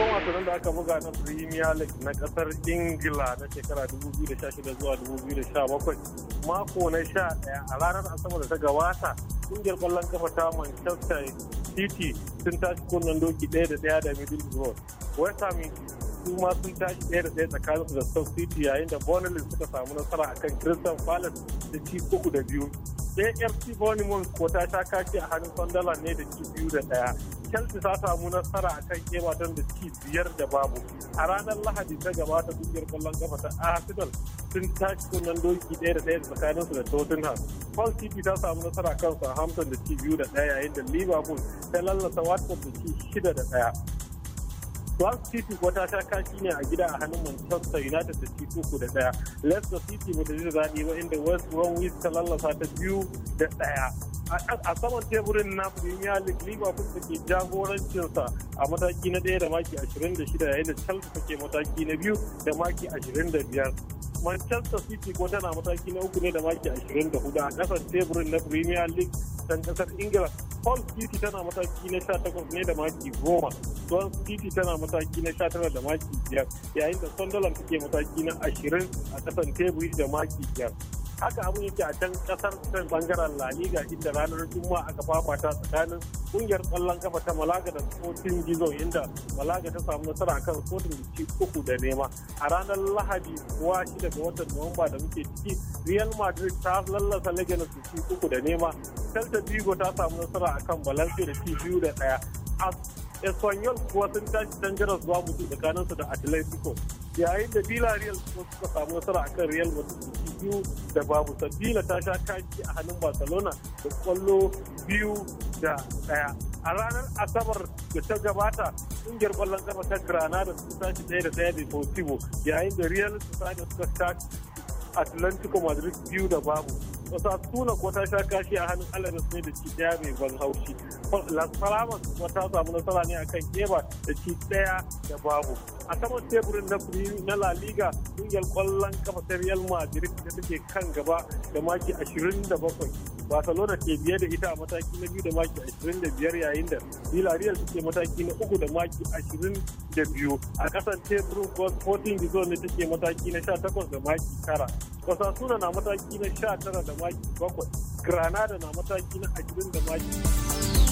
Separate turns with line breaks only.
sakamakon wasannin da aka buga na premier league na kasar ingila na shekara 2016 zuwa 2017 mako na 11 a ranar asabar da ta gabata kungiyar kwallon kafa ta manchester city sun tashi kunnen doki 1-1 da ɗaya da middlesbrough west ham su ma sun tashi 1 da ɗaya tsakanin su da stoke city yayin da Burnley suka samu nasara akan crystal palace da ci uku da biyu AFC Bournemouth ko ta sha kashi a hannun Sunderland ne da ci biyu da ɗaya. Chelsea ta samu nasara a kan Everton da ci biyar da babu. A ranar Lahadi ta gabata kungiyar kwallon kafa ta Arsenal sun tashi kunnen doki ɗaya da ɗaya tsakanin su da Tottenham. Hull City ta samu nasara kan Southampton da ci biyu da ɗaya yayin da Liverpool ta lallasa Watford da ci shida da ɗaya. Hull City wata ta kashi ne a gida a hannun Manchester United da ci uku da ɗaya. Leicester City bata ji zaɓi ba inda West Bromwich ta lallasa ta biyu da ɗaya. a saman teburin na premier league liverpool da ke jagorancinsa a mataki na ɗaya da maki 26 yayin da chelsea take mataki na biyu da maki 25 manchester city ko tana mataki na uku ne da maki 24 a ƙasar teburin na premier league ɗan kasar ingila hall City tana mataki na 18 ne da maki 10, Swan City tana mataki na 19 da maki 5, yayin da Sunderland take mataki na 20 a kasan teburi da maki biyar. haka abin yake a can kasar can bangaren La Liga inda ranar Juma'a aka ta tsakanin kungiyar kwallon kafa ta Malaga da Sporting gizo inda Malaga ta samu nasara kan Sporting da ci uku da nema. A ranar Lahadi kuwa shi daga watan Nuwamba da muke ciki Real Madrid ta lallasa Leganes su ci uku da nema Celta Vigo ta samu nasara akan Valencia da ci biyu da ɗaya. Espanyol kuwa sun tashi dangaras babu su tsakaninsu da Atletico. Yayin da Villarreal kuma suka samu nasara akan Real Madrid ci biyu da babu. Sabila ta sha kaki a hannun Barcelona da kwallo biyu da ɗaya. A ranar Asabar da ta gabata ƙungiyar kwallon kafa ta Granada sun tashi ɗaya da ɗaya da Deportivo yayin da Real Sociedad suka tashi Atlantico Madrid biyu da babu. suna ko ta sha kashi a hannun Alaves ne da ci daya mai ban haushi. Las Palamas ta samu nasara ne akan keba da ci daya da babu. a saman teburin na na La Liga kungiyar kwallon kafa ta Real Madrid da take kan gaba da maki 27 barcelona ke biye da ita a mataki na biyu da maki 25 yayin da villarreal take mataki na uku da maki 22 a kasan teburin kuwa sporting gizon ne take mataki na 18 da maki 9 osasuna na mataki na 19 da maki 7 granada na mataki na 20 da maki